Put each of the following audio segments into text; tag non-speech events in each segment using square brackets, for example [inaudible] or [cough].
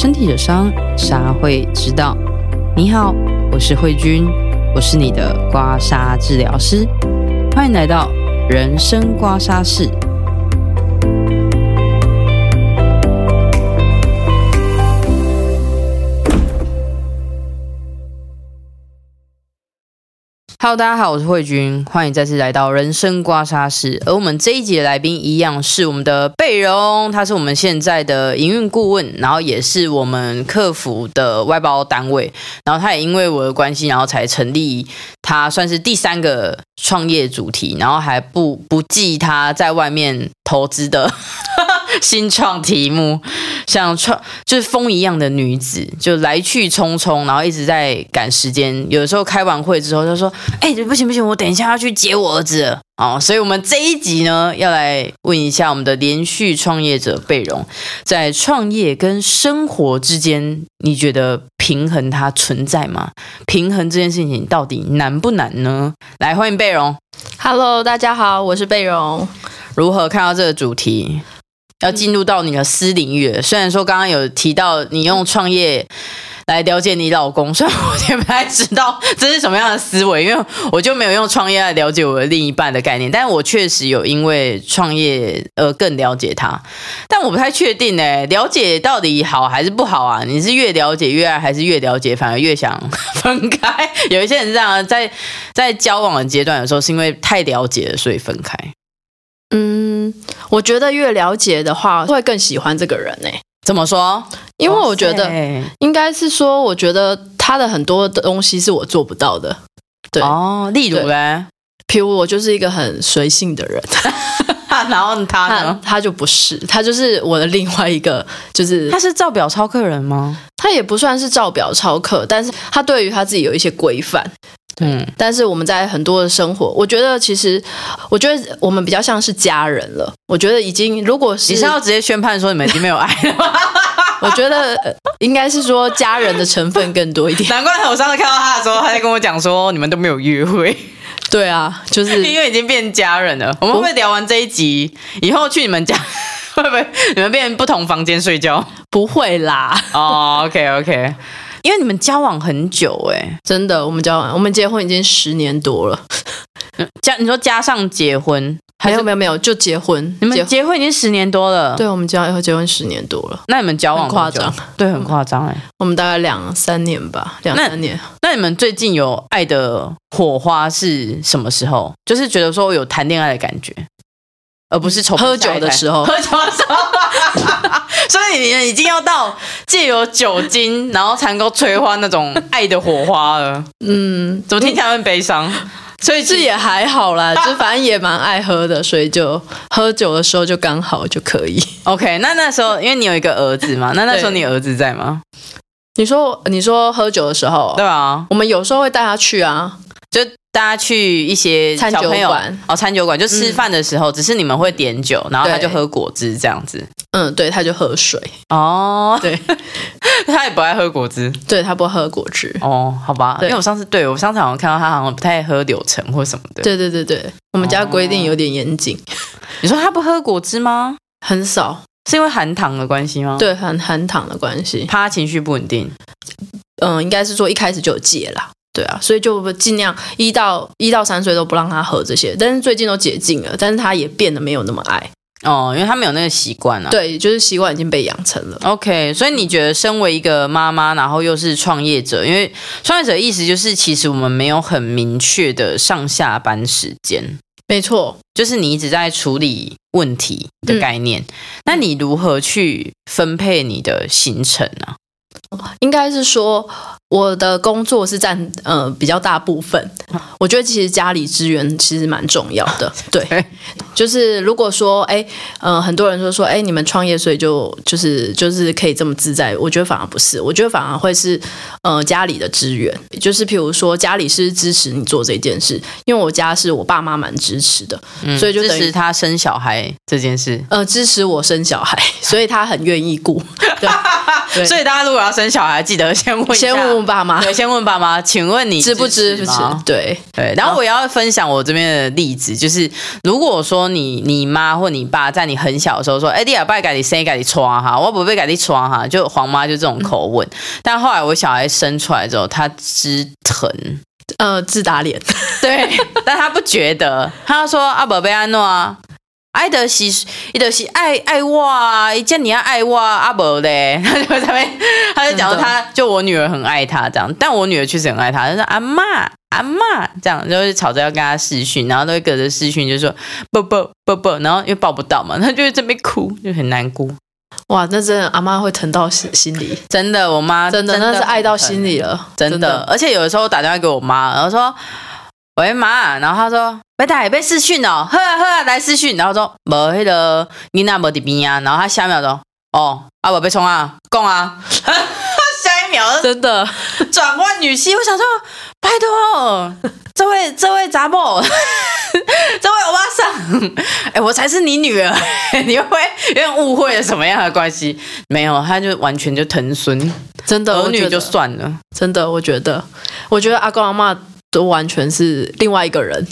身體的傷，痧會知道。你好，我是卉君，我是你的刮痧治療師，歡迎來到人生刮痧室。Hello，大家好，我是卉君，歡迎再次來到人生刮痧室。而我們這一集的來賓一樣是我們的貝蓉，他是我們現在的營運顧問，然後也是我們客服的外包單位。然後他也因為我的關係，然後才成立他算是第三個創業主題，然後還不不計他在外面投資的。 [laughs] 新創題目，像創就是風一樣的女子，就來去匆匆，然後一直在趕時間。有時候開完會之後，她說：“哎、欸，不行不行，我等一下要去接我兒子。”哦，所以我們這一集呢，要來問一下我們的連續創業者貝蓉，在創業跟生活之間，你覺得平衡它存在嗎？平衡這件事情到底難不難呢？來，歡迎貝蓉。Hello，大家好，我是貝蓉。如何看到這個主題？要進入到你的私領域，雖然說剛剛有提到你用創業來了解你老公，雖然我也不太知道這是什麼樣的思維，因為我就沒有用創業來了解我的另一半的概念，但是我確實有因為創業而更了解他，但我不太確定哎、欸，了解到底好還是不好啊？你是越了解越愛，還是越了解反而越想分開？有一些人是這樣、啊，在在交往的階段，有時候是因為太了解了，所以分開。嗯。我覺得越了解的話，會更喜歡這個人呢、欸。怎麼說？因為我覺得、oh, 應該是說，我覺得他的很多的東西是我做不到的。對哦，oh, 例如嘞，譬如我就是一個很隨性的人， [laughs] 然後他呢他，他就不是，他就是我的另外一個，就是他是照表操課人嗎？他也不算是照表操課，但是他對於他自己有一些規範。嗯，但是我們在很多的生活，我覺得其實，我覺得我們比較像是家人了。我覺得已經，如果是你是要直接宣判說你們已經沒有愛了嗎？ [laughs] 我覺得應該是說家人的成分更多一點。難怪我上次看到他的時候，他在跟我講說 [laughs] 你們都沒有約會。對啊，就是因為已經變家人了。我們會不會聊完這一集以後去你們家？會不不會，你們變不同房間睡覺？不會啦。哦，oh，OK，OK。因為你們交往很久哎、欸，真的，我們交往，我們結婚已經十年多了。 [laughs] 加你說加上結婚，還有沒有沒有就結婚？你們結婚、結、婚結婚已經十年多了。對，我們交往以後結婚十年多了。那你們交往很久，很誇張，對，很誇張哎、欸。我們大概兩三年吧，兩三年那。那你們最近有愛的火花是什麼時候？就是覺得說我有談戀愛的感覺，而不是從喝酒的時候。喝酒的時候。 [laughs] [laughs] 所以你們已經要到借由酒精，然後才能夠催化那種愛的火花了。嗯，怎麼聽起來很悲傷？嗯，所以這也還好啦，啊、就是、反正也蠻愛喝的，所以就喝酒的時候就剛好就可以。OK，那那時候因為你有一個兒子嘛，那那時候你兒子在嗎？你說，你說喝酒的時候，對啊，我們有時候會帶他去啊，就。大家去一些小餐酒館，哦，餐酒館就吃飯的時候，嗯，只是你們會點酒，然後他就喝果汁這樣子。嗯，對，他就喝水。哦，對， [laughs] 他也不愛喝果汁。對，他不喝果汁。哦，好吧，因為我上次，對我上次好像看到他好像不太愛喝柳橙或什麼的。對對對對，我們家規定有點嚴謹。哦、 [laughs] 你說他不喝果汁嗎？很少，是因為含糖的關係嗎？對，含，含糖的關係，怕他情緒不穩定。嗯，應該是說一開始就有戒了。對啊，所以就盡量一到一到三歲都不讓他喝這些，但是最近都解禁了，但是他也變得沒有那麼愛哦，因為他沒有那個習慣啊。對，就是習慣已經被養成了。OK，所以你覺得身為一個媽媽，然後又是創業者，因為創業者的意思就是其實我們沒有很明確的上下班時間，沒錯，就是你一直在處理問題的概念。嗯，那你如何去分配你的行程呢，啊？應該是說，我的工作是佔呃比較大部分。我覺得其實家裡資源其實蠻重要的，對。就是如果說，哎、欸，呃，很多人說說，哎、欸，你們創業，所以就就是就是可以這麼自在。我覺得反而不是，我覺得反而會是，呃，家裡的資源。就是譬如說家裡是支持你做這件事。因為我家是我爸媽蠻支持的，所以就、嗯、支持他生小孩這件事。呃，支持我生小孩，所以他很願意顧，對。所以大家如果要生小孩，記得先問，先問問爸媽，對，先問爸媽。請問你知不知，不知？對對。然後我要分享我這邊的例子，就是如果說你你媽或你爸在你很小的時候說：“哎、欸、呀，你爸，給你生給你穿哈，我不貝給你穿？哈。”就黃媽就這種口吻、嗯。但後來我小孩生出來之後，他知疼，呃，自打臉。對， [laughs] 但他不覺得。他說：“阿寶貝安諾啊。”愛得死，是愛得死，愛愛我啊！叫你要愛我、啊，阿伯嘞，他就在那邊，他就講，他就我女兒很愛她這樣，但我女兒確實很愛她，她說阿媽，阿媽這樣，就會吵着要跟她視訊，然後都會隔着視訊就說啵啵啵啵，然後又抱不到嘛，她就會在那邊哭，就很難過，哇，那真的阿媽會疼到心裡， [laughs] 真的，我媽真的，真的那是愛到心裡了，真的，真的真的，而且有的時候打電話給我媽，然後說，喂媽、啊，然後她說。被也被視訊哦，呵啊呵啊，來視訊，然後說無迄、那個囡仔無在邊啊，然後他、哦啊啊、 [laughs] 下一秒鐘，哦，阿寶被衝啊，講啊，下一秒真的轉換語氣，我想說，拜託，這位這位查某， [laughs] 這位我歐巴桑，哎、欸，我才是你女兒， [laughs] 你會有點誤會什麼樣的關係？沒有，他就完全就疼孫，真的兒女就算了，真的，我覺得，我覺得阿公阿媽。都完全是另外一個人，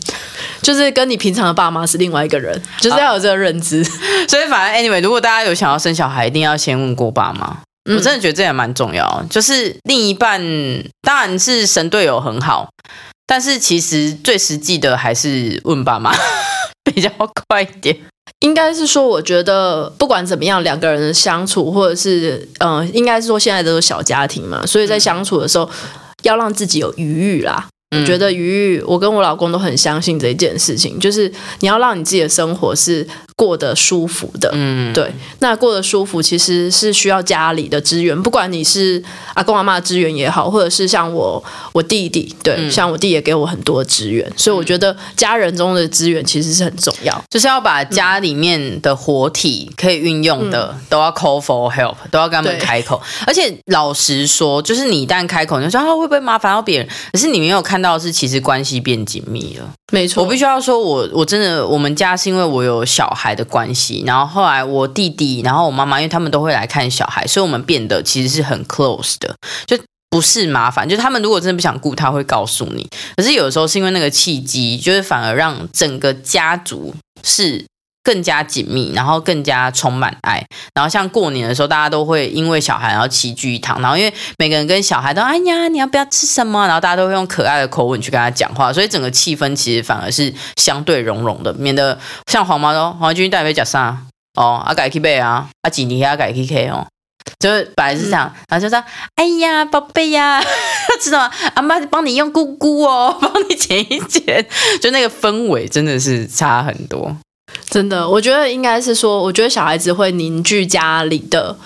就是跟你平常的爸媽是另外一個人，就是要有這個認知。啊、所以反正 anyway，如果大家有想要生小孩，一定要先問過爸媽。嗯、我真的覺得這也蠻重要。就是另一半，當然是神隊友很好，但是其實最實際的還是問爸媽比較快一點。應該是說，我覺得不管怎麼樣，兩個人的相處，或者是嗯，應該是說現在都是小家庭嘛，所以在相處的時候，嗯、要讓自己有餘裕啦。我覺得餘裕，我跟我老公都很相信這一件事情，就是你要讓你自己的生活是過得舒服的，嗯，對，那過得舒服其實是需要家裡的資源，不管你是阿公阿媽的資源也好，或者是像我我弟弟，對、嗯，像我弟也給我很多資源，嗯，所以我覺得家人中的資源其實是很重要，就是要把家裡面的活體可以運用的，嗯、都要 call for help，都要跟他們開口，而且老實說，就是你一旦開口，你就說啊會不會麻煩到別人？可是你沒有看到的是其實關係變緊密了。沒錯，我必須要說我，我我真的，我們家是因為我有小孩的關係，然後後來我弟弟，然後我媽媽，因為他們都會來看小孩，所以我們變得其實是很 close 的，就不是麻煩，就他們如果真的不想顧，他會告訴你。可是有時候是因為那個契機，就是反而讓整個家族是。更加緊密，然後更加充滿愛，然後像過年的時候，大家都會因為小孩然後齊聚一堂，然後因為每個人跟小孩都，哎呀，你要不要吃什麼？然後大家都會用可愛的口吻去跟他講話，所以整個氣氛其實反而是相對融融的，免得像黃媽說，黃君，帶杯腳沙，哦，要改 K 貝啊，阿錦妮要改 K K 哦，就本來是這樣，嗯、然後就說，哎呀，寶貝呀、啊，知道嗎阿媽幫你用姑姑哦，幫你剪一剪，就那個氛圍真的是差很多。真的，我覺得應該是說，我覺得小孩子會凝聚家裡的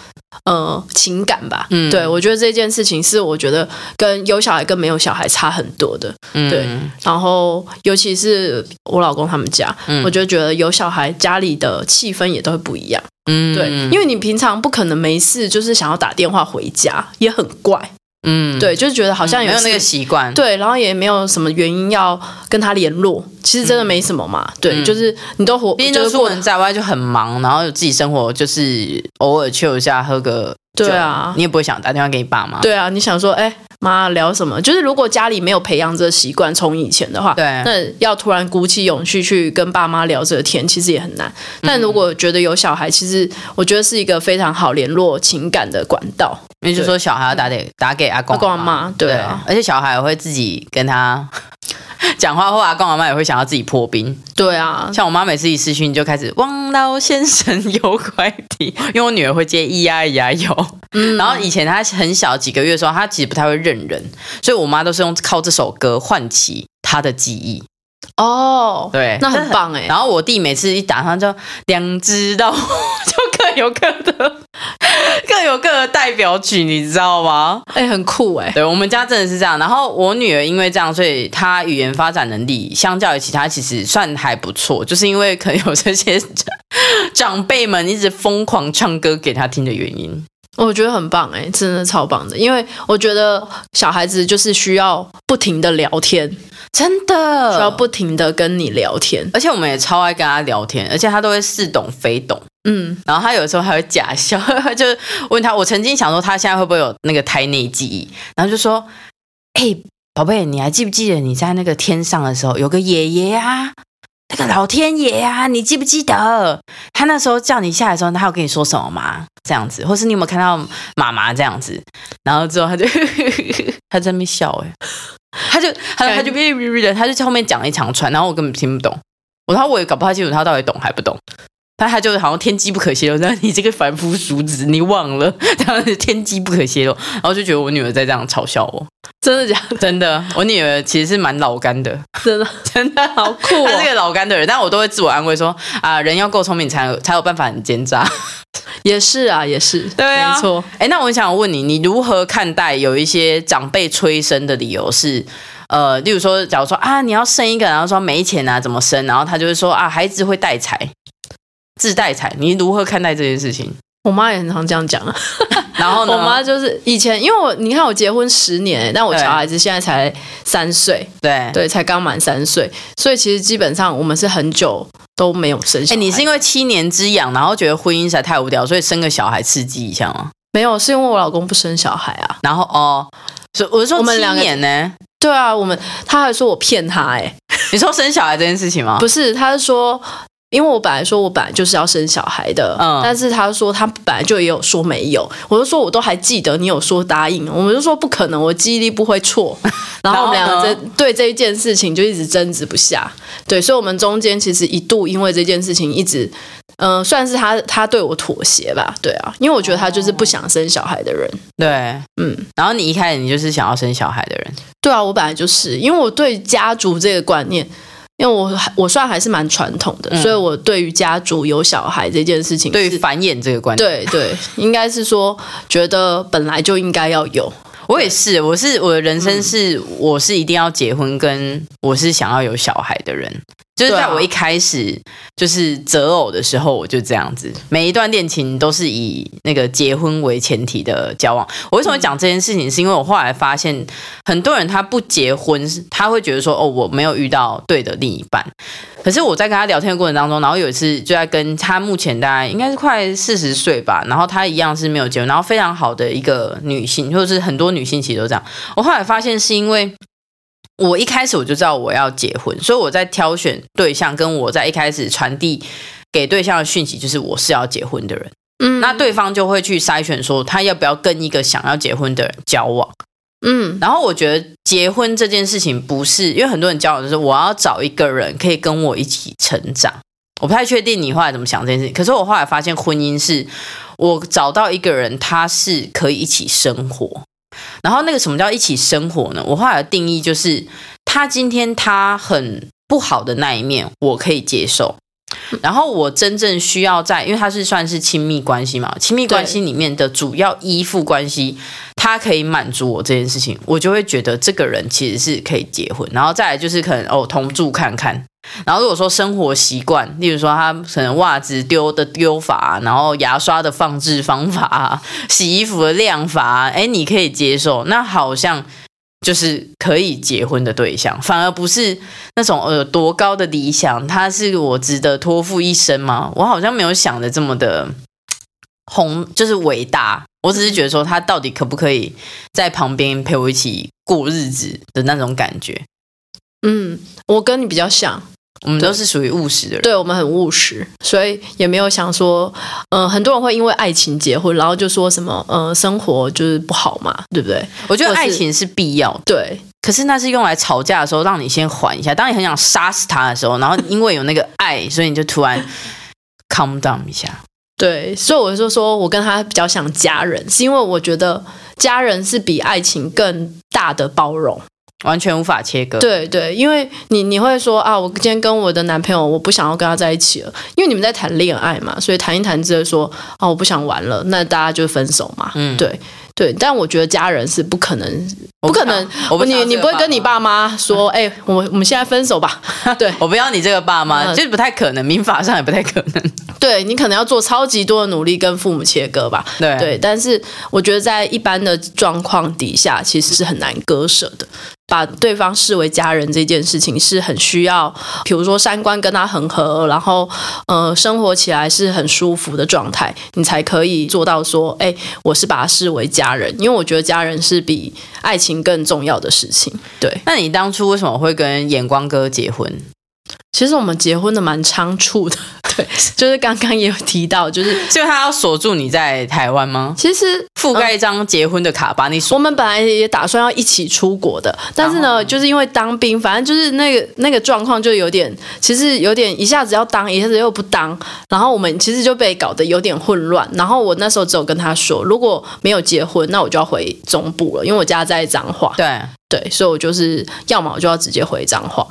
呃情感吧。嗯，對，我覺得這件事情是我覺得跟有小孩跟沒有小孩差很多的。嗯，對。然後尤其是我老公他們家，嗯，我就覺得有小孩家裡的氣氛也都會不一樣。嗯，對，因為你平常不可能沒事就是想要打電話回家，也很怪。嗯，嗯，對，就是覺得好像有沒有那個習慣？對，然後也沒有什麼原因要跟他聯絡，其實真的沒什麼嘛。對，就是你都活，嗯就是、過畢竟都出門在外就很忙，然後有自己生活，就是偶爾去一下喝個，對啊，你也不會想打電話給你爸媽。對啊，你想說哎。媽聊什麼？就是如果家裡沒有培養這個習慣，從以前的話，對，那要突然鼓起勇氣去跟爸媽聊這個天，其實也很難。但如果覺得有小孩，嗯、其實我覺得是一個非常好聯絡情感的管道。比如說小孩要打給、嗯、打給阿公阿媽，阿公阿媽，對，對、啊，而且小孩也會自己跟他講話，後阿公阿媽也會想要自己破冰。對啊，像我媽每次一視訊就開始王老先生有塊地，因為我女兒會接咿呀咿呀有、嗯，然後以前她很小幾個月的時候，她其實不太會認、嗯。本人，所以我媽都是用靠這首歌喚起她的記憶哦，oh, 對，那很棒哎。然後我弟每次一打他就兩隻到，就各有各的，各有各的代表曲，你知道嗎？哎、欸，很酷哎。對我們家真的是這樣。然後我女兒因為這樣，所以她語言發展能力相較於其他其實算還不錯，就是因為可能有這些長輩們一直瘋狂唱歌給她聽的原因。我覺得很棒哎、欸，真的超棒的，因為我覺得小孩子就是需要不停的聊天，真的需要不停的跟你聊天，而且我們也超愛跟他聊天，而且他都會似懂非懂，嗯，然後他有時候還會假笑，他就問他，我曾經想說他現在會不會有那個胎內記憶，然後就說，哎、hey，寶貝，你還記不記得你在那個天上的時候有個爺爺啊？那、這個老天爺啊，你記不記得他那時候叫你下來的時候，他有跟你說什麼嗎？這樣子，或是你有沒有看到媽媽這樣子？然後之後他就呵呵呵，他在那邊笑，哎、欸，他就他就，他就嗶嗶嗶的，他就在後面講了一長串，然後我根本聽不懂。我說我也搞不太清楚他到底懂還不懂。但他就是好像天機不可洩露，那你這個凡夫俗子，你忘了這樣是天機不可洩露，然後就覺得我女兒在這樣嘲笑我，真的假的？真的，我女兒其實是蠻老干的，真的真的好酷，哦。他是一個老干的人，但我都會自我安慰說啊，人要夠聰明才有才有辦法很奸詐，也是啊，也是對啊。沒錯，哎、欸，那我想問你，你如何看待有一些長輩催生的理由是，呃，例如說，假如說啊，你要生一個，然後說沒錢啊，怎麼生？然後他就會說啊，孩子會帶財。自帶財，你如何看待這件事情？我媽也很常這樣講啊。 [laughs] 然後呢？我媽就是以前，因為我你看我結婚十年，欸，但我小孩子現在才三歲，對對，才剛滿三歲，所以其實基本上我們是很久都沒有生小孩。哎，欸，你是因為七年之癢，然後覺得婚姻實在太無聊，所以生個小孩刺激一下嗎？沒有，是因為我老公不生小孩啊。然後哦，所以我說，欸，我們兩年呢？對啊，我們他還說我騙他哎，欸， [laughs] 你說生小孩這件事情嗎？不是，他是說。因為我本來說我本來就是要生小孩的、嗯，但是他說他本來就也有說沒有，我就說我都還記得你有說答應，我們就說不可能，我記憶力不會錯。然後我們兩個在對這一件事情就一直爭執不下，對，所以我們中間其實一度因為這件事情一直，嗯、呃，算是他他對我妥協吧，對啊，因為我覺得他就是不想生小孩的人、哦，對，嗯，然後你一開始你就是想要生小孩的人，對啊，我本來就是，因為我對家族這個觀念。因為我還我算還是蠻傳統的、嗯，所以我對於家族有小孩這件事情，對於繁衍這個觀念，對對，應該是說 [laughs] 覺得本來就應該要有。我也是，我是我的人生是、嗯、我是一定要結婚跟我是想要有小孩的人。就是在我一開始就是擇偶的時候，我就這樣子，每一段戀情都是以那個結婚為前提的交往。我為什麼會講這件事情？是因為我後來發現，很多人他不結婚，他會覺得說：“哦，我沒有遇到對的另一半。”可是我在跟他聊天的過程當中，然後有一次就在跟他目前大概應該是快四十歲吧，然後他一樣是沒有結婚，然後非常好的一個女性，就是很多女性其實都這樣。我後來發現是因為。我一開始我就知道我要結婚，所以我在挑選對象，跟我在一開始傳遞給對象的訊息就是我是要結婚的人。嗯，那對方就會去篩選說他要不要跟一個想要結婚的人交往。嗯，然後我覺得結婚這件事情不是因為很多人交往，就是我要找一個人可以跟我一起成長。我不太確定你後來怎麼想這件事情，可是我後來發現婚姻是我找到一個人，他是可以一起生活。然後那個什麼叫一起生活呢？我後來的定義就是，他今天他很不好的那一面我可以接受，然後我真正需要在，因為他是算是親密關係嘛，親密關係裡面的主要依附關係，他可以滿足我這件事情，我就會覺得這個人其實是可以結婚，然後再來就是可能，哦，同住看看。然後如果說生活習慣，例如說他可能襪子丟的丟法，啊，然後牙刷的放置方法，啊，洗衣服的晾法，啊，哎，你可以接受，那好像就是可以結婚的對象，反而不是那種呃多高的理想，他是我值得托付一生嗎？我好像沒有想的這麼的宏，就是偉大，我只是覺得說他到底可不可以在旁邊陪我一起過日子的那種感覺。嗯，我跟你比較像。我們都是屬於務實的人，對，對我們很務實，所以也沒有想說，嗯、呃，很多人會因為愛情結婚，然後就說什麼，嗯、呃，生活就是不好嘛，對不對？我覺得愛情是必要、就是，對。可是那是用來吵架的時候，讓你先緩一下，當你很想殺死他的時候，然後因為有那個愛， [laughs] 所以你就突然 calm down 一下。對，所以我就說我跟他比較像家人，是因為我覺得家人是比愛情更大的包容。完全無法切割。對對，因為你你會說啊，我今天跟我的男朋友，我不想要跟他在一起了，因為你們在談戀愛嘛，所以談一談之後說啊，我不想玩了，那大家就分手嘛。嗯，對對，但我覺得家人是不可能，不可能，你你不會跟你爸媽說，哎、 [laughs] 欸，我我們現在分手吧？對 [laughs] 我不要你這個爸媽，就不太可能，嗯、民法上也不太可能。對你可能要做超級多的努力跟父母切割吧對。對，但是我覺得在一般的狀況底下，其實是很難割捨的。把對方視為家人這件事情是很需要，比如說三觀跟他很合，然後呃生活起來是很舒服的狀態，你才可以做到說，哎、欸，我是把他視為家人，因為我覺得家人是比愛情更重要的事情。對，那你當初為什麼會跟眼光哥結婚？其實我們結婚的蠻倉促的，對，就是剛剛也有提到，就是就他要鎖住你在台灣嗎？其實覆蓋一張結婚的卡把你鎖。嗯，我們本來也打算要一起出國的，但是呢，就是因為當兵，反正就是那個那個狀況就有點，其實有點一下子要當，一下子又不當，然後我們其實就被搞得有點混亂。然後我那時候只有跟他說，如果沒有結婚，那我就要回中部了，因為我家在彰化。對對，所以我就是要麼我就要直接回彰化。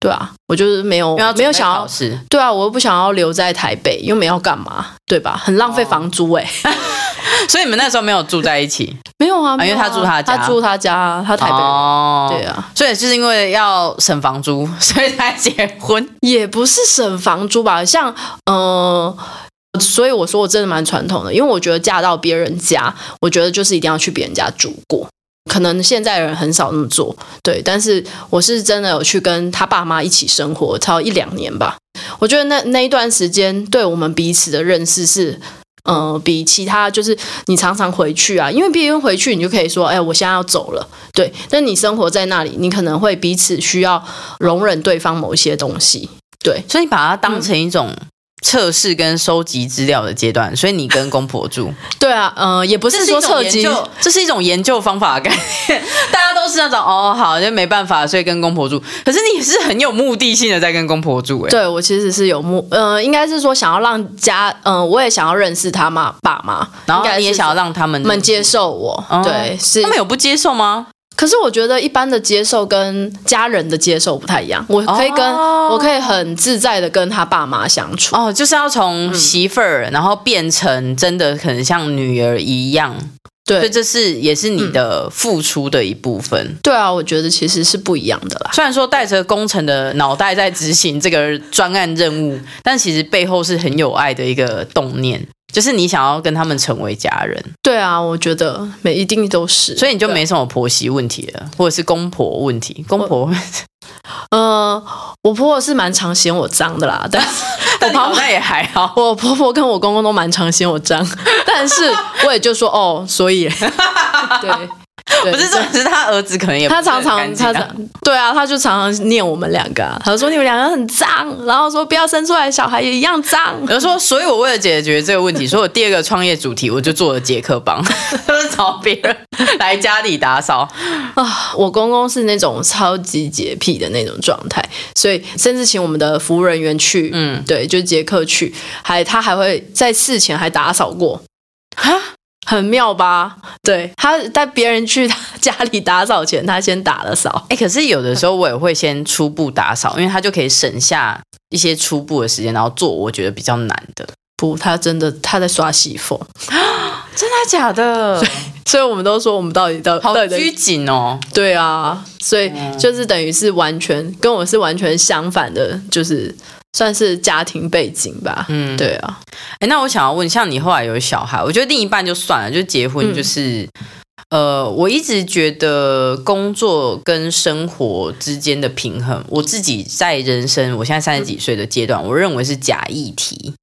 對啊，我就是沒有沒有想要，對啊，我又不想要留在台北，又沒要幹嘛，對吧？很浪費房租誒、欸哦、 [laughs] 所以你們那時候沒有住在一起？ [laughs] 沒有啊，沒有啊，因為他住他家，他住他家，他台北人。哦，對啊，所以就是因為要省房租，所以才結婚？也不是省房租吧，像呃，所以我說我真的蠻傳統的，因為我覺得嫁到別人家，我覺得就是一定要去別人家住過。可能現在人很少那麼做，對。但是我是真的有去跟他爸媽一起生活，超一兩年吧。我覺得那那一段時間，對我們彼此的認識是，嗯、呃，比其他就是你常常回去啊，因為別人回去你就可以說，哎，我現在要走了，對。那你生活在那裡，你可能會彼此需要容忍對方某一些東西，對。所以把它當成一種。測試跟收集資料的階段，所以你跟公婆住。對啊，嗯、呃，也不是說測試這是，這是一種研究方法的概念。大家都是那種哦，好，就沒辦法，所以跟公婆住。可是你也是很有目的性的在跟公婆住誒、欸。對，我其實是有目，嗯、呃，應該是說想要讓家，嗯、呃，我也想要認識他媽爸媽，然後你也想要讓他們們接受我。對，是、嗯、他們有不接受嗎？可是我覺得一般的接受跟家人的接受不太一樣，我可以跟、哦、我可以很自在的跟他爸媽相處哦，就是要從媳婦兒，然後變成真的很像女兒一樣，對、嗯，所以這是也是你的付出的一部分、嗯。對啊，我覺得其實是不一樣的啦。雖然說帶着工程的腦袋在執行這個專案任務，但其實背後是很有愛的一個動念。就是你想要跟他們成為家人，對啊，我覺得每一定都是，所以你就沒什麼婆媳問題了，或者是公婆問題？公婆問題，嗯、 [laughs] 呃，我婆婆是蠻常嫌我髒的啦，但是我爸爸 [laughs] 但婆婆也還好。我婆婆跟我公公都蠻常嫌我髒，但是我也就說 [laughs] 哦，所以 [laughs] 對。我不是這只是他兒子可能也不、啊，他常常，他常，對啊，他就常常念我們兩個、啊，他就說你們兩個很髒，然後說不要生出來小孩也一樣髒，然後說。所以我為了解決這個問題， [laughs] 所以我第二個創業主題我就做了潔客幫， [laughs] 找別人來家裡打掃 [laughs] 啊，我公公是那種超級潔癖的那種狀態，所以甚至請我們的服務人員去，嗯，對，就潔客去，還他還會在事前還打掃過，啊很妙吧？對，他帶別人去他家裡打掃前，他先打了掃。哎、欸，可是有的時候我也會先初步打掃，因為他就可以省下一些初步的時間，然後做我覺得比較難的。不，他真的，他在刷洗縫啊？真的假的？所以，所以我們都說我們到底都好拘謹哦、喔。對啊，所以就是等於是完全跟我是完全相反的，就是。算是家庭背景吧。嗯，對啊。哎、欸，那我想要問，像你後來有小孩，我覺得另一半就算了，就結婚就是。嗯、呃，我一直覺得工作跟生活之間的平衡，我自己在人生，我現在三十幾歲的階段、嗯，我認為是假議題。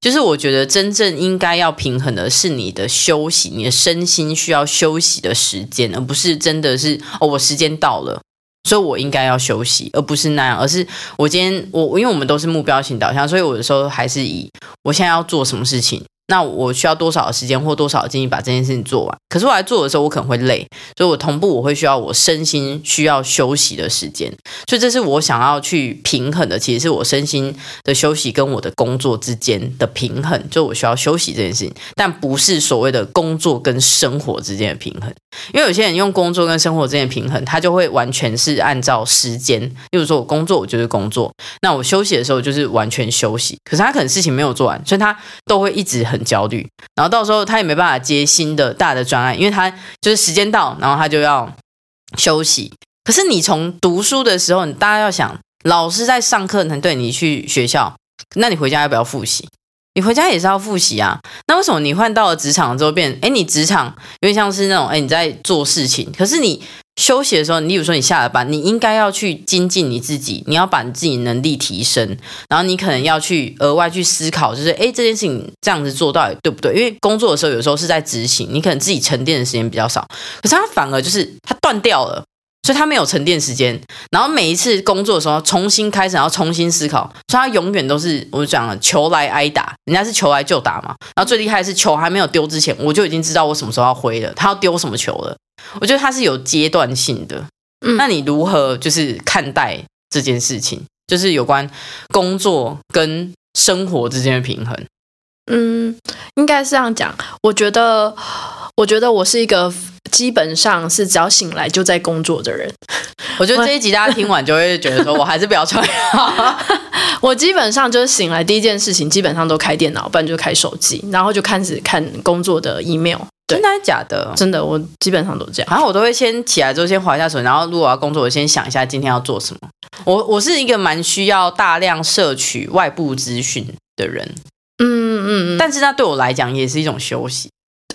就是我覺得真正應該要平衡的是你的休息，你的身心需要休息的時間，而不是真的是哦，我時間到了。所以，我應該要休息，而不是那樣。而是我今天，我因為我們都是目標型導向，所以我的時候還是以我現在要做什麼事情，那我需要多少時間或多少精力把這件事情做完。可是我來做的時候，我可能會累，所以我同步我會需要我身心需要休息的時間。所以這是我想要去平衡的，其實是我身心的休息跟我的工作之間的平衡。就我需要休息這件事情，但不是所謂的工作跟生活之間的平衡。因為有些人用工作跟生活之間的平衡，他就會完全是按照時間，例如說我工作我就是工作，那我休息的時候就是完全休息。可是他可能事情沒有做完，所以他都會一直很焦慮。然後到時候他也沒辦法接新的大的專案，因為他就是時間到，然後他就要休息。可是你從讀書的時候，你大家要想，老師在上課，能對你去學校，那你回家要不要複習？你回家也是要復習啊。那為什麼你換到了職場之後變，變誒？你職場有點像是那種誒，你在做事情，可是你休息的時候，你比如說你下了班，你應該要去精進你自己，你要把你自己能力提升，然後你可能要去額外去思考，就是誒，這件事情這樣子做到底對不對？因為工作的時候有時候是在執行，你可能自己沉澱的時間比較少，可是它反而就是它斷掉了。所以他沒有沉澱時間，然後每一次工作的時候重新開始，然後重新思考，所以他永遠都是我就講了，球來挨打，人家是球來就打嘛。然後最厲害的是球還沒有丟之前，我就已經知道我什麼時候要揮了，他要丟什麼球了。我覺得他是有階段性的。嗯，那你如何就是看待這件事情？就是有關工作跟生活之間的平衡？嗯，應該是這樣講。我覺得，我覺得我是一個。基本上是只要醒來就在工作的人，我覺得這一集大家聽完就會覺得說我還是不要創業。我基本上就是醒來第一件事情，基本上都開電腦，不然就開手機，然後就開始看工作的 email。真的還假的？真的，我基本上都這樣。然、啊、後我都會先起來之後先滑下水，然後如果我要工作，我先想一下今天要做什麼。我我是一個蠻需要大量攝取外部資訊的人，嗯嗯嗯，但是那對我來講也是一種休息。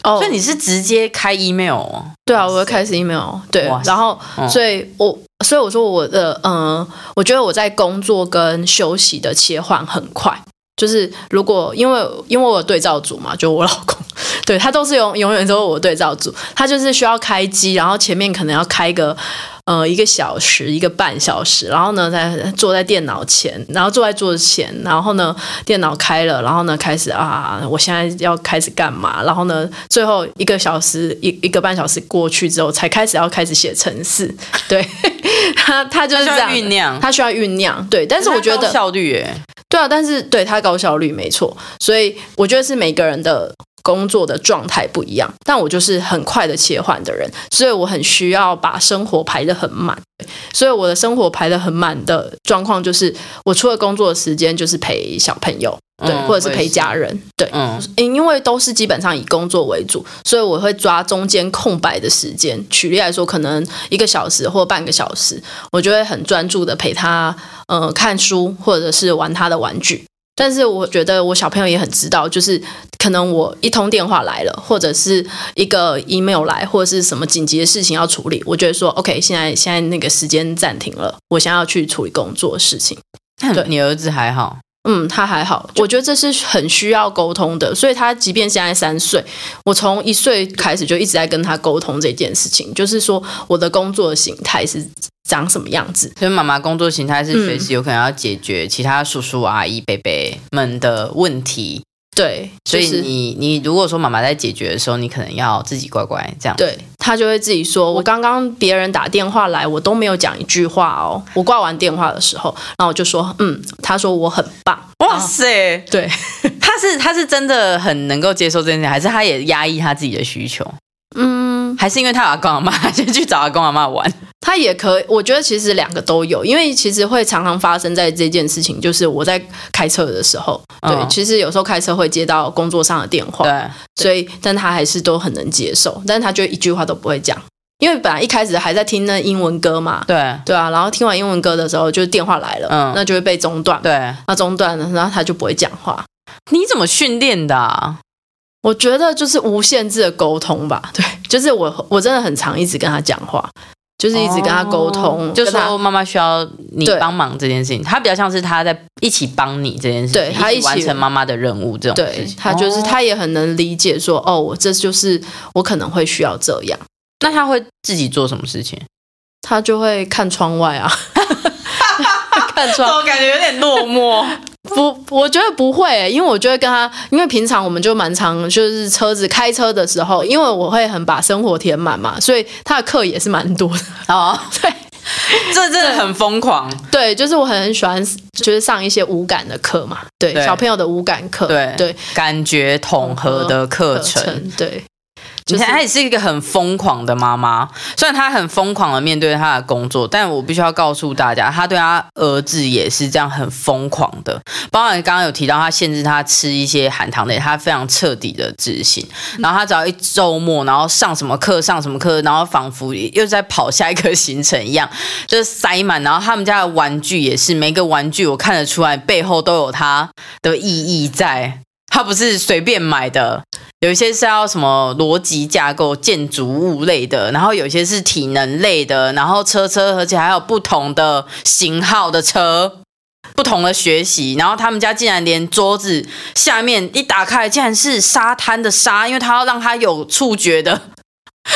哦、oh，所以你是直接開 email 哦？對啊，我要開始 email，對，然後，哦、所以，我，所以我說我的，嗯、呃，我覺得我在工作跟休息的切換很快。就是如果因為因為我有對照組嘛，就我老公，對，他都是永永遠都是我對照組。他就是需要開機，然後前面可能要開個呃一個小時一個半小時，然後呢在坐在電腦前，然後坐在桌子前，然後呢電腦開了，然後呢開始啊，我現在要開始幹嘛？然後呢最後一個小時一一個半小時過去之後，才開始要開始寫程式。對，他他就是他要醞釀，他需要醞釀，對，但是我覺得效率哎、欸。對啊，但是對他高效率沒錯，所以我覺得是每個人的。工作的狀態不一樣，但我就是很快的切換的人，所以我很需要把生活排的很滿，所以我的生活排得很的很滿的狀況就是，我除了工作的時間就是陪小朋友，對，嗯、或者是陪家人，對，嗯、欸，因為都是基本上以工作為主，所以我會抓中間空白的時間，舉例來說，可能一個小時或半個小時，我就會很專注的陪他，嗯、呃，看書或者是玩他的玩具。但是我覺得我小朋友也很知道，就是可能我一通電話來了，或者是一個 email 來，或者是什麼緊急的事情要處理，我覺得說 OK，現在現在那個時間暫停了，我先要去處理工作事情。嗯、對你兒子還好？嗯，他還好，我覺得這是很需要溝通的，所以他即便現在三歲，我從一歲開始就一直在跟他溝通這件事情，就是說我的工作形態是長什麼樣子。所以媽媽工作形態是隨時有可能要解決其他叔叔阿姨、伯伯們的問題。對、就是，所以你你如果說媽媽在解決的時候，你可能要自己乖乖這樣。對，他就會自己說，我剛剛別人打電話來，我都沒有講一句話哦。我掛完電話的時候，然後我就說，嗯，他說我很棒。哇塞，對，他是他是真的很能夠接受這件事，還是他也壓抑他自己的需求？還是因為他有阿公阿嬤，就去找阿公阿嬤玩。他也可以，我覺得其實兩個都有，因為其實會常常發生在這件事情，就是我在開車的時候，嗯、對，其實有時候開車會接到工作上的電話，對，所以但他還是都很能接受，但他就一句話都不會講，因為本來一開始還在聽那英文歌嘛，對，對啊，然後聽完英文歌的時候，就電話來了，嗯、那就會被中斷，對，那中斷了，然後他就不會講話。你怎麼訓練的、啊？我覺得就是無限制的溝通吧，對，就是我我真的很常一直跟他講話、嗯，就是一直跟他溝通、哦，就說媽媽需要你幫忙這件事情，他比較像是他在一起幫你這件事情，對一起完成媽媽的任務這種事情，對他就是、哦、他也很能理解說，哦，我這就是我可能會需要這樣，那他會自己做什麼事情？他就會看窗外啊 [laughs] [laughs] 看窗外， [laughs] 我感覺有點落寞。 [laughs] 不，我覺得不會，欸，因為我覺得跟他，因為平常我們就蠻常就是車子開車的時候，因為我會很把生活填滿嘛，所以他的課也是蠻多的哦，對，這真的很瘋狂對。對，就是我很喜歡，就是上一些五感的課嘛對。對，小朋友的五感課。對對，對，感覺統合的課程。對。其實你看她也是一個很瘋狂的媽媽，雖然她很瘋狂的面對她的工作，但我必須要告訴大家，她對她兒子也是這樣很瘋狂的。包括你剛剛有提到，她限制他吃一些含糖的，她非常徹底的執行。然後他只要一周末，然後上什麼課上什麼課，然後仿佛又在跑下一個行程一樣，就是塞滿。然後他們家的玩具也是，每個玩具我看得出來背後都有它的意義在。他不是隨便買的，有一些是要什麼邏輯架構、建築物類的，然後有些是體能類的，然後車車，而且還有不同的型號的車，不同的學習。然後他們家竟然連桌子下面一打開，竟然是沙灘的沙，因為他要讓他有觸覺的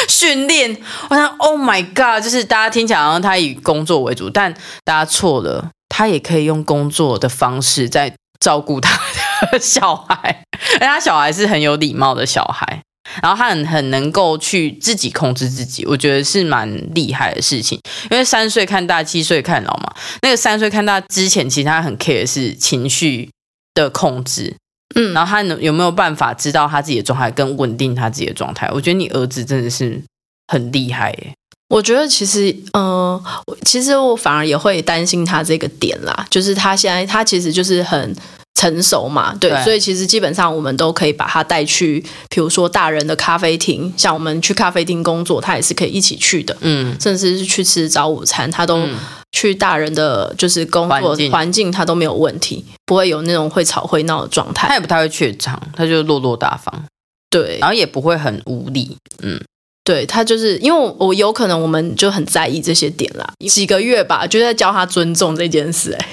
訓練。我想 Oh my God，就是大家聽起來好像他以工作為主，但大家錯了，他也可以用工作的方式在照顧他。 [laughs] 小孩，哎，他小孩是很有禮貌的小孩，然後他很很能夠去自己控制自己，我覺得是蠻厲害的事情。因為三歲看大，七歲看老嘛。那個三歲看大之前，其實他很 care 是情緒的控制，嗯，然後他能有沒有辦法知道他自己的狀態，跟穩定他自己的狀態。我覺得你兒子真的是很厲害耶，欸。我覺得其實，嗯、呃，其實我反而也會擔心他這個點啦，就是他現在他其實就是很。成熟嘛，對，對，所以其實基本上我們都可以把他帶去，譬如說大人的咖啡廳，像我們去咖啡廳工作，他也是可以一起去的，嗯，甚至是去吃早午餐，他都、嗯、去大人的就是工作環境，他都沒有問題，不會有那種會吵會鬧的狀態，他也不太會怯場，他就落落大方，對，然後也不會很無禮。嗯。對，他就是因為我有可能，我們就很在意這些點啦，幾個月吧，就在教他尊重這件事、欸。哎，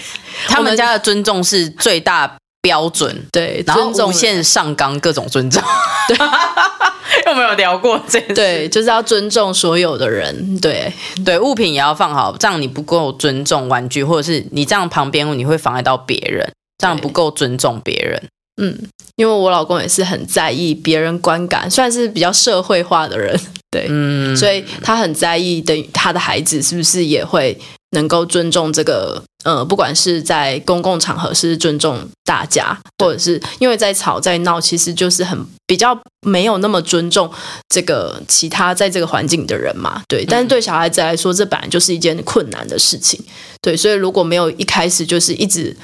他們家的尊重是最大標準，們對，尊重。然後無限上綱各種尊重。對 [laughs] 又沒有聊過這件事，對，就是要尊重所有的人，對對，物品也要放好，這樣你不夠尊重玩具，或者是你這樣旁邊你會妨礙到別人，這樣不夠尊重別人。嗯，因為我老公也是很在意別人觀感，算是比較社會化的人。對，嗯，所以他很在意，等他的孩子是不是也會能夠尊重這個，呃，不管是在公共場合是尊重大家，或者是因為在吵在鬧，其實就是很比較沒有那麼尊重這個其他在這個環境的人嘛，對。但是對小孩子來說，嗯，這本來就是一件困難的事情，對。所以如果沒有一開始就是一直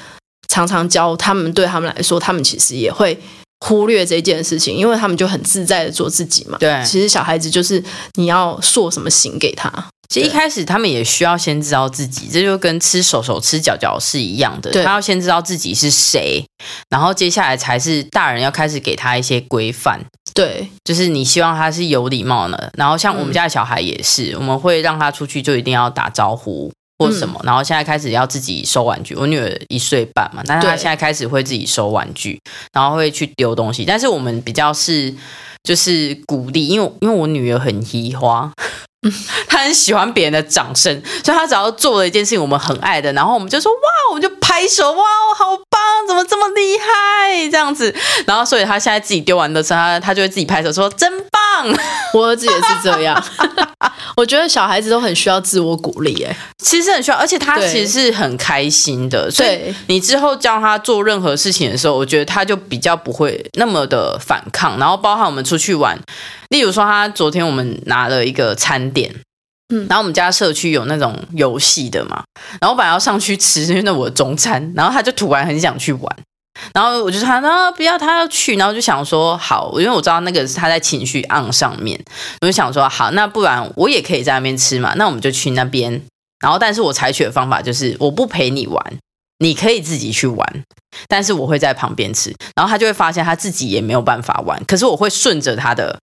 常常教他們，對他們來說，他們其實也會。忽略這件事情，因為他們就很自在的做自己嘛。對，其實小孩子就是你要塑什麼型給他。其實一開始他們也需要先知道自己，這就跟吃手手吃腳腳是一樣的。對，他要先知道自己是誰，然後接下來才是大人要開始給他一些規範。對，就是你希望他是有禮貌呢。然後像我們家的小孩也是，嗯，我們會讓他出去就一定要打招呼。或什麼，然後現在開始要自己收玩具。我女兒一歲半嘛，但是她現在開始會自己收玩具，然後會去丟東西。但是我們比較是就是鼓勵，因為因為我女兒很喜歡，她很喜歡別人的掌聲，所以她只要做了一件事情，我們很愛的，然後我們就說哇，我們就拍手哇，好。怎麼這麼厲害？這樣子，然後所以他現在自己丟完的時候，他他就會自己拍手說：“真棒！”我兒子也是這樣。我覺得小孩子都很需要自我鼓勵，哎，其實很需要，而且他其實是很開心的。所以你之後教他做任何事情的時候，我覺得他就比較不會那麼的反抗。然後包含我們出去玩，例如說他昨天我們拿了一個餐點。然後我們家社區有那種遊戲的嘛，然後我本來要上去吃，因為那我的中餐。然後他就突然很想去玩，然後我就說、啊、不要他要去，然後我就想說好，因為我知道那個是他在情緒暗上面，我就想說好，那不然我也可以在那邊吃嘛，那我們就去那邊。然後但是我採取的方法就是我不陪你玩，你可以自己去玩，但是我會在旁邊吃。然後他就會發現他自己也沒有辦法玩，可是我會順着他的。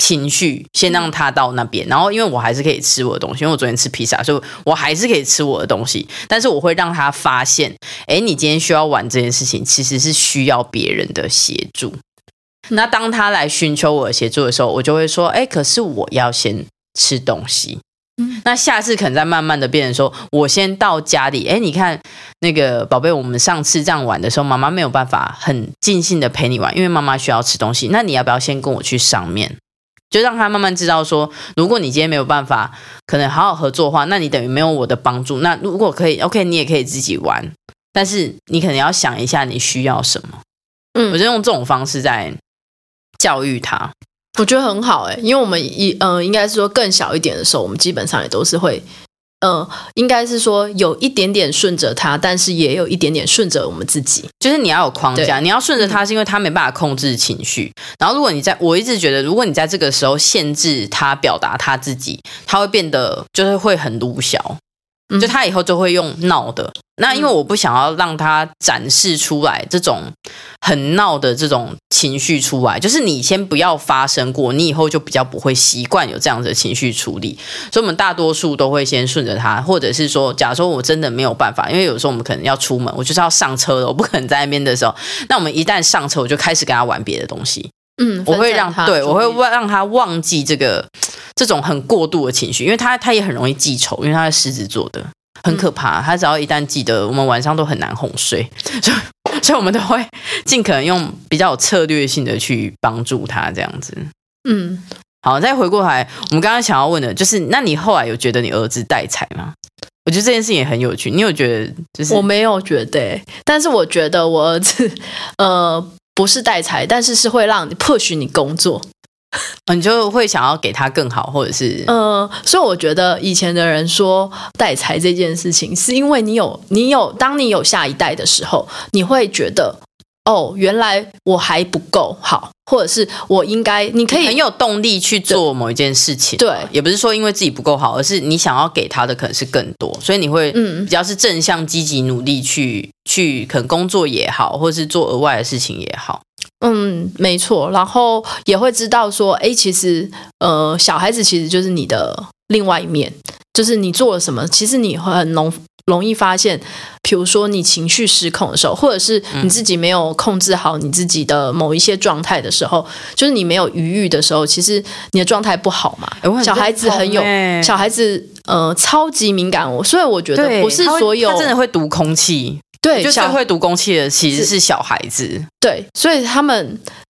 情緒先讓他到那邊，然後因為我還是可以吃我的東西，因為我昨天吃披薩，所以我還是可以吃我的東西。但是我會讓他發現，誒，你今天需要玩這件事情，其實是需要別人的協助。那當他來尋求我的協助的時候，我就會說，誒，可是我要先吃東西。那下次可能再慢慢的變成說，我先到家裡，誒，你看那個寶貝，我們上次這樣玩的時候，媽媽沒有辦法很盡興的陪你玩，因為媽媽需要吃東西。那你要不要先跟我去上面？就讓他慢慢知道說，如果你今天沒有辦法，可能好好合作的話，那你等於沒有我的幫助。那如果可以，OK，你也可以自己玩，但是你可能要想一下你需要什麼。嗯，我就用這種方式在教育他，我覺得很好誒。因為我們一嗯，應該是說更小一點的時候，我們基本上也都是會。嗯，應該是說有一點點順着他，但是也有一點點順着我們自己。就是你要有框架，你要順着他，是因為他沒辦法控制情緒，嗯。然後如果你在，我一直覺得，如果你在這個時候限制他表達他自己，他會變得就是會很魯小，就他以後就會用鬧的，嗯。那因為我不想要讓他展示出來這種。很鬧的這種情緒出來，就是你先不要發生過，你以後就比較不會習慣有這樣子的情緒處理。所以，我們大多數都會先順着他，或者是說，假如說我真的沒有辦法，因為有時候我們可能要出門，我就是要上車了，我不可能在那邊的時候、嗯。那我們一旦上車，我就開始跟他玩別的東西。嗯，我會讓他，對，我會讓他忘記這個這種很過度的情緒，因為他他也很容易記仇，因為他是獅子座的，很可怕、嗯。他只要一旦記得，我們晚上都很難哄睡。所以，我們都會盡可能用比較有策略性的去幫助他，這樣子。嗯，好，再回過來，我們剛剛想要問的就是，那你後來有覺得你兒子帶財嗎？我覺得這件事情也很有趣。你有覺得就是？我沒有覺得、欸，但是我覺得我兒子，呃，不是帶財，但是是會讓你 push 你工作。你就會想要給他更好，或者是嗯，所以我覺得以前的人說帶財這件事情，是因為你有你有，當你有下一代的時候，你會覺得哦，原來我還不夠好，或者是我應該你可以很有動力去做某一件事情。對，也不是說因為自己不夠好，而是你想要給他的可能是更多，所以你會嗯比較是正向積極努力去去可能工作也好，或者是做額外的事情也好。嗯，沒錯，然後也會知道說，哎、欸，其實，呃，小孩子其實就是你的另外一面，就是你做了什麼。其實你很容容易發現，比如說你情緒失控的時候，或者是你自己沒有控制好你自己的某一些狀態的時候、嗯，就是你沒有餘裕的時候，其實你的狀態不好嘛、欸。小孩子很有，小孩子呃超級敏感、哦，我所以我覺得不是所有，真的會讀空氣。對，就最會讀空氣的其實是小孩子。對，所以他們，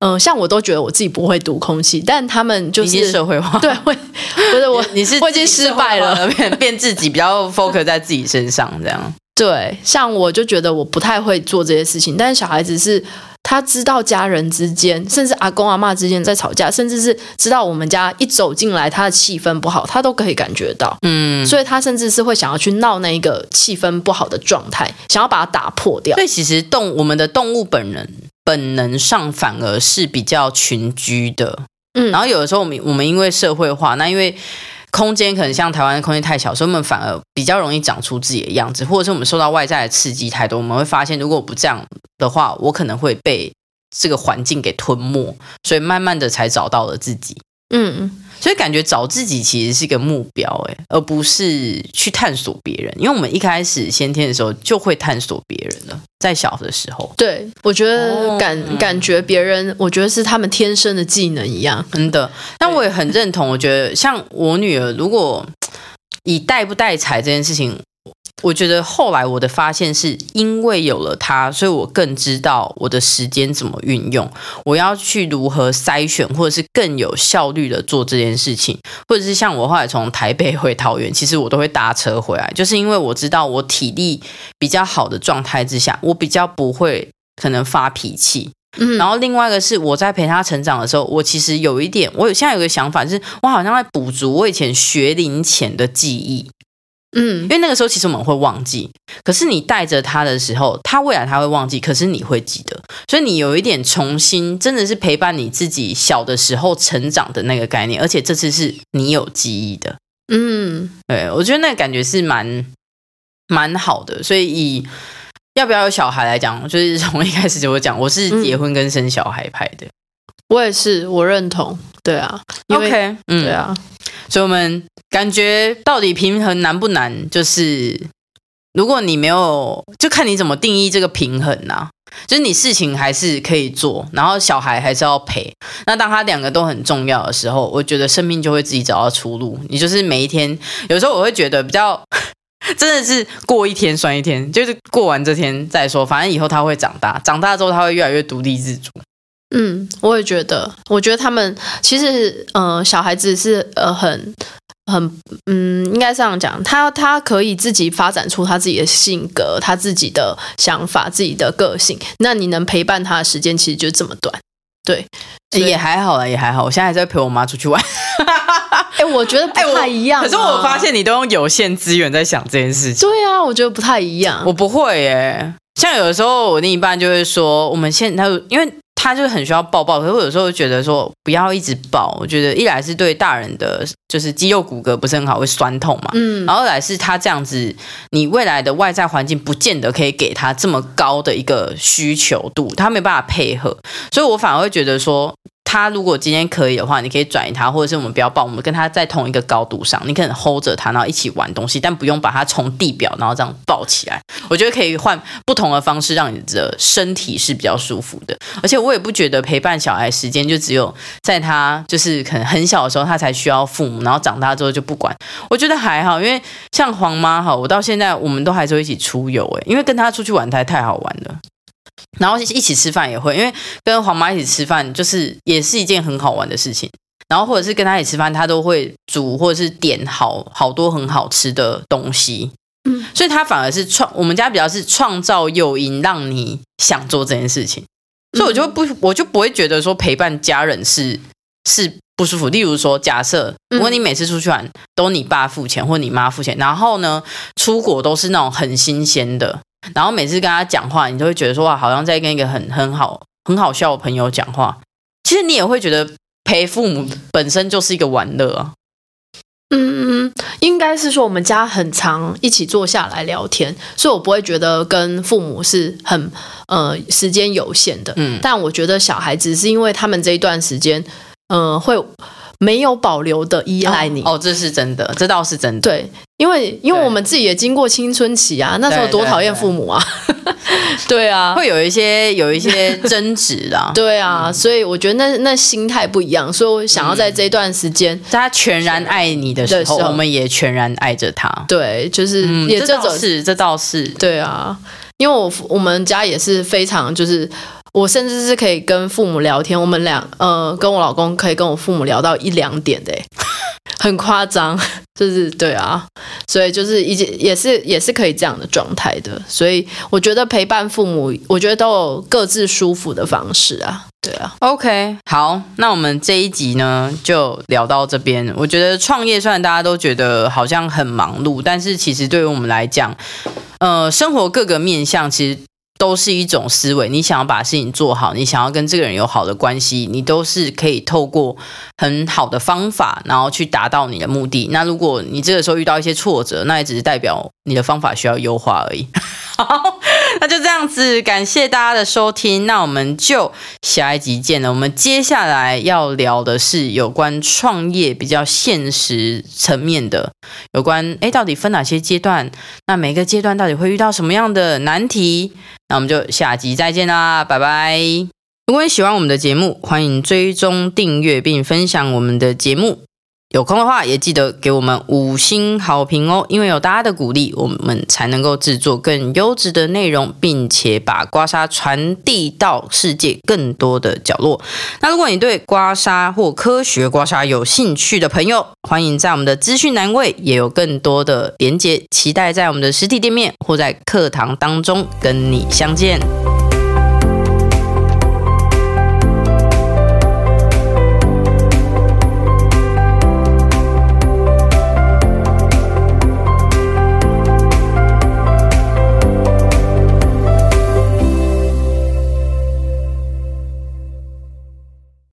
嗯、呃，像我都覺得我自己不會讀空氣，但他們就是，是社會化，對，會不是 [laughs] 我，你是我已經失敗了，變 [laughs] 變自己比較 focus 在自己身上這樣。對，像我就覺得我不太會做這些事情，但是小孩子是。他知道家人之間，甚至阿公阿嬤之間在吵架，甚至是知道我們家一走進來，他的氣氛不好，他都可以感覺到。嗯，所以他甚至是會想要去鬧那一個氣氛不好的狀態，想要把它打破掉。所以其實動我們的動物本能本能上反而是比較群居的。嗯，然後有的時候我們我們因為社會化，那因為。空間可能像台灣的空間太小，所以我們反而比較容易長出自己的樣子，或者是我們受到外在的刺激太多，我們會發現，如果我不這樣的話，我可能會被這個環境給吞沒，所以慢慢的才找到了自己。嗯嗯。所以感覺找自己其實是一個目標、欸，而不是去探索別人。因為我們一開始先天的時候就會探索別人了，在小的時候。對，我覺得感、oh. 感覺別人，我覺得是他們天生的技能一樣，真、嗯、的。 [laughs] 但我也很認同，我覺得像我女兒，如果以帶不帶財這件事情。我覺得後來我的發現是因為有了他，所以我更知道我的時間怎麼運用，我要去如何篩選，或者是更有效率的做這件事情，或者是像我後來從台北回桃園，其實我都會搭車回來，就是因為我知道我體力比較好的狀態之下，我比較不會可能發脾氣。嗯，然後另外一個是我在陪他成長的時候，我其實有一點，我有現在有個想法，就是我好像在補足我以前學齡前的記憶。嗯，因為那個時候其實我們會忘記，可是你帶着他的時候，他未來他會忘記，可是你會記得，所以你有一點重新真的是陪伴你自己小的時候成長的那個概念，而且這次是你有記憶的。嗯，對，我覺得那個感覺是蠻蠻好的。所以以要不要有小孩來講，就是從一開始就會講，我是結婚跟生小孩派的，嗯、我也是，我認同。對啊，OK，對啊。嗯所以我們感覺到底平衡難不難？就是如果你沒有，就看你怎麼定義這個平衡吶、啊。就是你事情還是可以做，然後小孩還是要陪。那當他兩個都很重要的時候，我覺得生命就會自己找到出路。你就是每一天，有時候我會覺得比較，真的是過一天算一天，就是過完這天再說。反正以後他會長大，長大之後他會越來越獨立自主。嗯，我也覺得，我覺得他們其實，呃，小孩子是，呃，很，很，嗯，應該是這樣講，他，他可以自己發展出他自己的性格，他自己的想法，自己的個性。那你能陪伴他的時間其實就這麼短，對，欸、也還好啦，也還好。我現在還在陪我媽出去玩，哎、 [laughs] 欸，我覺得不太一樣、欸可欸。可是我發現你都用有限資源在想這件事情。對啊，我覺得不太一樣。我不會耶、欸。像有的時候我另一半就會說，我們現在他因為。他就是很需要抱抱，可是我有時候覺得說不要一直抱，我覺得一來是對大人的就是肌肉骨骼不是很好，會酸痛嘛，嗯，然後二來是他這樣子，你未來的外在環境不見得可以給他這麼高的一個需求度，他沒辦法配合，所以我反而會覺得說。他如果今天可以的話，你可以轉移他，或者是我們不要抱，我們跟他在同一個高度上，你可能 hold 着他，然後一起玩東西，但不用把他從地表然後這樣抱起來。我覺得可以換不同的方式，讓你的身體是比較舒服的。而且我也不覺得陪伴小孩時間就只有在他就是可能很小的時候他才需要父母，然後長大之後就不管。我覺得還好，因為像黃媽哈，我到現在我們都還是會一起出遊誒，因為跟他出去玩太太好玩了。然後一起吃飯也會，因為跟黃媽一起吃飯就是也是一件很好玩的事情。然後或者是跟她一起吃飯，她都會煮或者是點好好多很好吃的東西。嗯，所以她反而是創我們家比較是創造誘因，讓你想做這件事情。嗯，所以我就不我就不會覺得說陪伴家人是是不舒服。例如說，假設如果你每次出去玩，嗯，都你爸付錢或你媽付錢，然後呢出國都是那種很新鮮的，然後每次跟他講話，你就會覺得說好像在跟一個很很好很好笑的朋友講話。其實你也會覺得陪父母本身就是一個玩樂啊。嗯，應該是說我們家很常一起坐下來聊天，所以我不會覺得跟父母是很呃時間有限的。嗯，但我覺得小孩子是因為他們這一段時間，呃，會。沒有保留的依賴你哦，哦，這是真的，這倒是真的。對，因為因為我們自己也經過青春期啊，那時候多討厭父母啊。對，對，對，對， [laughs] 對啊，會有一些有一些爭執啦 [laughs] 啊。對、嗯、啊，所以我覺得那那心態不一樣，所以我想要在這段時間，嗯、他全然愛你的時候，我們也全然愛着他。對，就是也這種是這倒是，這倒是對啊，因為我我們家也是非常就是。我甚至是可以跟父母聊天，我們倆呃，跟我老公可以跟我父母聊到一兩點的，誒，很誇張，就是對啊，所以就是已經也是也是可以這樣的狀態的，所以我覺得陪伴父母，我覺得都有各自舒服的方式啊，對啊，OK，好，那我們這一集呢就聊到這邊。我覺得創業雖然大家都覺得好像很忙碌，但是其實對於我們來講，呃，生活各個面向其實。都是一種思維。你想要把事情做好，你想要跟這個人有好的關係，你都是可以透過很好的方法，然後去達到你的目的。那如果你這個時候遇到一些挫折，那也只是代表你的方法需要優化而已。 [laughs] 好，那就這樣子，感謝大家的收聽。那我們就下一集見了。我們接下來要聊的是有關創業比較現實層面的，有關，誒，到底分哪些階段？那每個階段到底會遇到什麼樣的難題？那我們就下集再見啦，拜拜。如果你喜歡我們的節目，歡迎追蹤訂閱並分享我們的節目。有空的話，也記得給我們五星好評哦！因為有大家的鼓勵，我們才能夠製作更優質的內容，並且把刮痧傳遞到世界更多的角落。那如果你對刮痧或科學刮痧有興趣的朋友，歡迎在我們的資訊欄位也有更多的連接。期待在我們的實體店面或在課堂當中跟你相見。